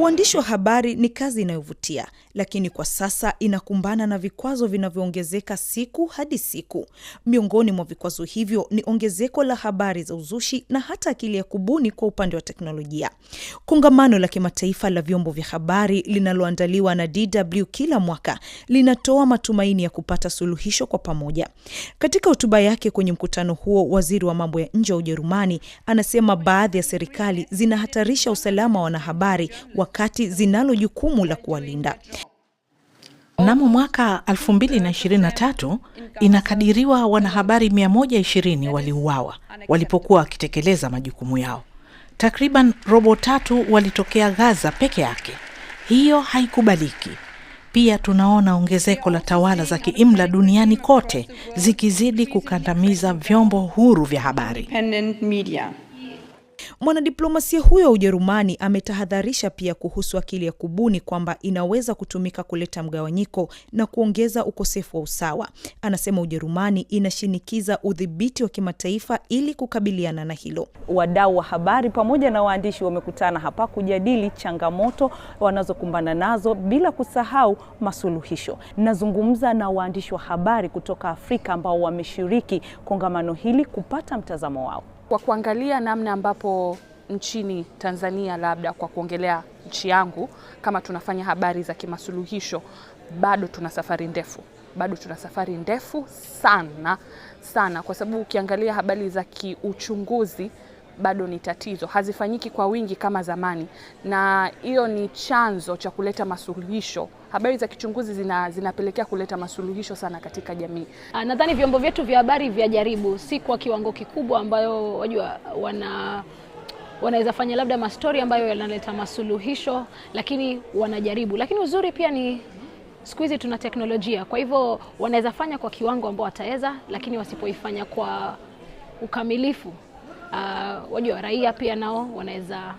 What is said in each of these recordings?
Uandishi wa habari ni kazi inayovutia lakini kwa sasa inakumbana na vikwazo vinavyoongezeka siku hadi siku. Miongoni mwa vikwazo hivyo ni ongezeko la habari za uzushi na hata akili ya kubuni kwa upande wa teknolojia. Kongamano la kimataifa la vyombo vya habari linaloandaliwa na DW kila mwaka linatoa matumaini ya kupata suluhisho kwa pamoja. Katika hotuba yake kwenye mkutano huo, waziri wa mambo ya nje wa Ujerumani anasema baadhi ya serikali zinahatarisha usalama wa wanahabari wakati zinalo jukumu la kuwalinda. Mnamo mwaka 2023 inakadiriwa wanahabari 120 waliuawa walipokuwa wakitekeleza majukumu yao. Takriban robo tatu walitokea Gaza peke yake. Hiyo haikubaliki. Pia tunaona ongezeko la tawala za kiimla duniani kote zikizidi kukandamiza vyombo huru vya habari. Mwanadiplomasia huyo wa Ujerumani ametahadharisha pia kuhusu akili ya kubuni kwamba inaweza kutumika kuleta mgawanyiko na kuongeza ukosefu wa usawa. Anasema Ujerumani inashinikiza udhibiti wa kimataifa ili kukabiliana na hilo. Wadau wa habari pamoja na waandishi wamekutana hapa kujadili changamoto wanazokumbana nazo bila kusahau masuluhisho. Nazungumza na waandishi wa habari kutoka Afrika ambao wameshiriki kongamano hili kupata mtazamo wao. Kwa kuangalia namna ambapo nchini Tanzania, labda kwa kuongelea nchi yangu, kama tunafanya habari za kimasuluhisho, bado tuna safari ndefu, bado tuna safari ndefu sana sana, kwa sababu ukiangalia habari za kiuchunguzi bado ni tatizo, hazifanyiki kwa wingi kama zamani, na hiyo ni chanzo cha kuleta masuluhisho. Habari za kichunguzi zina, zinapelekea kuleta masuluhisho sana katika jamii. Ah, nadhani vyombo vyetu vya habari vyajaribu, si kwa kiwango kikubwa ambayo wajua wana wanaweza fanya labda mastori ambayo yanaleta masuluhisho, lakini wanajaribu. Lakini uzuri pia ni siku hizi tuna teknolojia, kwa hivyo wanaweza fanya kwa kiwango ambao wataweza, lakini wasipoifanya kwa ukamilifu uh, wajua raia pia nao wanaweza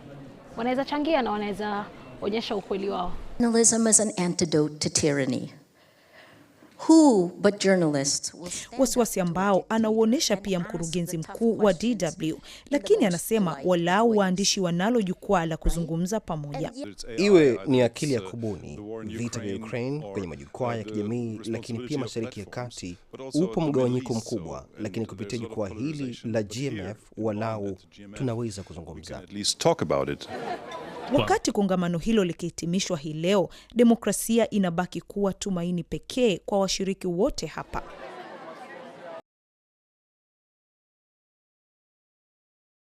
wanaweza changia na wanaweza onyesha ukweli wao. Journalism is an antidote to tyranny but wasiwasi ambao anauonyesha pia mkurugenzi mkuu wa DW, lakini anasema walau waandishi wanalo jukwaa la kuzungumza pamoja, iwe ni akili ya uh, kubuni. Vita vya Ukraine kwenye majukwaa ya kijamii, lakini pia Mashariki ya Kati, upo mgawanyiko mkubwa, lakini kupitia jukwaa hili la GMF walau tunaweza kuzungumza. Wakati kongamano hilo likihitimishwa hii leo, demokrasia inabaki kuwa tumaini pekee kwa washiriki wote hapa.